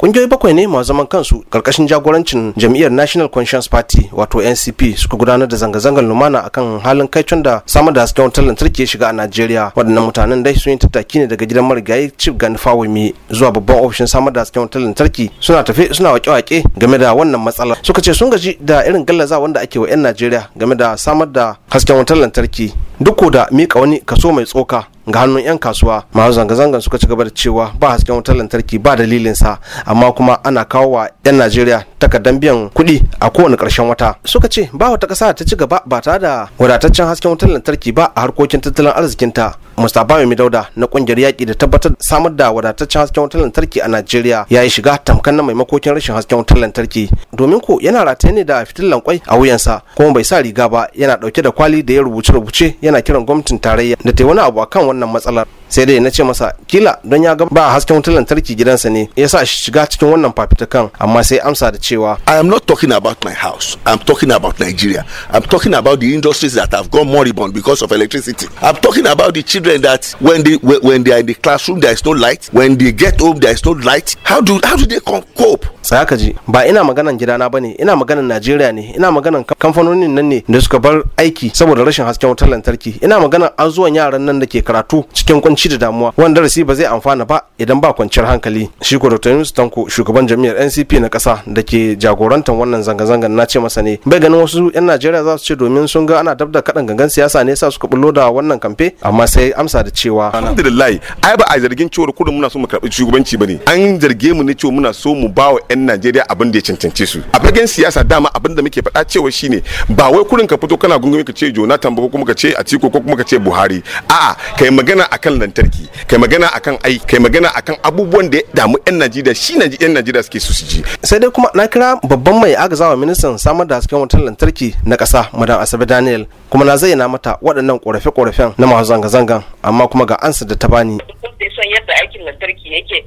kungiyoyi bakwai ne masu zaman kansu karkashin jagorancin jam'iyyar national conscience party wato ncp suka gudanar da zanga-zangar lumana akan halin kaicon da samar da hasken wutar lantarki ya shiga a najeriya waɗannan mutanen dai sun yi tattaki ne daga gidan marigayi chief gani fawami zuwa babban ofishin samar da hasken wutar lantarki suna tafe suna wake-wake game da wannan matsalar suka ce sun gaji da irin gallaza wanda ake wa 'yan najeriya game da samar da hasken wutar lantarki duk da miƙa wani kaso mai tsoka ga hannun 'yan kasuwa masu zanga-zangan suka ci gaba da cewa ba hasken wutar lantarki ba dalilin sa amma kuma ana kawo wa 'yan najeriya takardan biyan kuɗi a kowane karshen wata suka ce ba wata ƙasa ta ci gaba ba ta da wadataccen hasken wutar lantarki ba a harkokin tattalin arzikinta mustapha mai dauda na ƙungiyar yaƙi da tabbatar samar da wadataccen hasken wutar lantarki a najeriya ya yi shiga tamkar na maimakokin rashin hasken wutar lantarki domin ko yana rataye ne da fitilan kwai a wuyansa kuma bai sa riga ba yana ɗauke da kwali da ya rubuce-rubuce yana kiran gwamnatin tarayya da ta wani abu akan wannan wannan matsalar sai dai na ce masa kila don ya ga ba hasken wutar lantarki gidansa ne ya sa shi shiga cikin wannan fafitakan amma sai amsa da cewa i am not talking about my house i'm talking about nigeria i'm talking about the industries that have gone moribund because of electricity i'm talking about the children that when they when they are in the classroom there is no light when they get home there is no light how do how do they cope sai ka ji ba ina maganan gidana ba ne ina maganan najeriya ne ina maganan kamfanonin nan ne da suka bar aiki saboda rashin hasken wutar lantarki ina maganan zuwa yaran nan da ke karatu cikin kunci kunci da damuwa wani darasi ba zai amfana ba idan ba kwanciyar hankali shi ko dr yunus tanko shugaban jami'ar ncp na kasa da ke jagorantar wannan zanga-zangan na ce masa ne bai ganin wasu 'yan najeriya za su ce domin sun ga ana dab da kaɗan gangan siyasa ne sa suka bullo da wannan kamfe amma sai amsa da cewa alhamdulillah ai ba a zargin cewar kudin muna so mu karɓi shugabanci ba ne an zarge mu ne cewa muna so mu ba wa 'yan najeriya abin da ya cancance su a fagen siyasa dama abin da muke faɗa cewa shine ba wai kudin ka fito kana gungume ka ce jonathan ba ko kuma ka ce atiku ko kuma ka ce buhari a'a kai magana akan lantarki kai magana akan ai kai magana akan abubuwan da damu yan najeriya shi yan najeriya suke su ji sai dai kuma na kira babban mai agazawa ministan samar da hasken wutar lantarki na kasa madan asabe daniel kuma na zayyana mata waɗannan ƙorafe-ƙorafen na masu zanga-zangan amma kuma ga ansa da ta bani son yadda aikin lantarki yake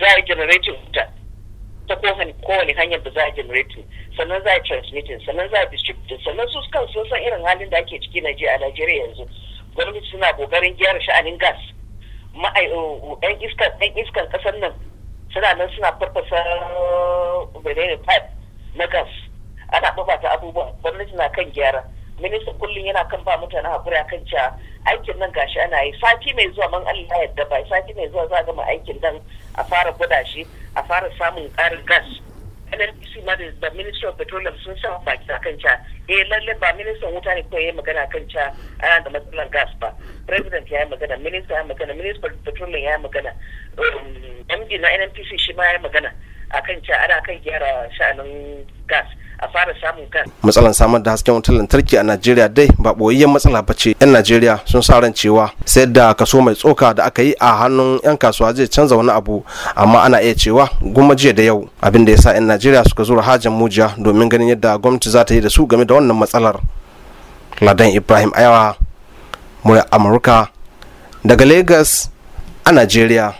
za a generating wuta ta kowane hanyar da za a generating sannan za a transmitting sannan za a distributing sannan su kan sun san irin halin da ake ciki a Najeriya yanzu gwamnati suna kokarin gyara sha'anin gas ma'aikatan iskan iskan ƙasar nan suna nan suna farfasa birnin pipe na gas ana ta abubuwa gwamnati na kan gyara ministan kullum yana kan ba mutane hakuri akan cewa aikin nan gashi ana yi sati mai zuwa man Allah yadda bai sati mai zuwa za a gama aikin nan a fara gwada shi a fara samun ƙarin gas nnpc ma da ministry of petroleum sun sa baki a kan ca eh lalle ba ministan wuta ne kawai ya magana kan ca ana da matsalar gas ba president ya yi magana minister ya magana minister petroleum ya magana md um, na nnpc shi ma ya yi magana a kan ca ana kan gyara sha'anin gas a fara samun kan. Matsalan samar da hasken wutar lantarki a Najeriya dai ba ɓoyayyen matsala ba ce. 'Yan Najeriya sun sa ran cewa sai da kaso mai tsoka da aka yi a hannun 'yan kasuwa zai canza wani abu amma ana iya cewa goma jiya da yau abin da ya sa 'yan Najeriya suka zura hajjan mujiya domin ganin yadda gwamnati za ta yi da su game da wannan matsalar. Ladan Ibrahim Ayawa, Murya Amurka, daga Legas a Najeriya.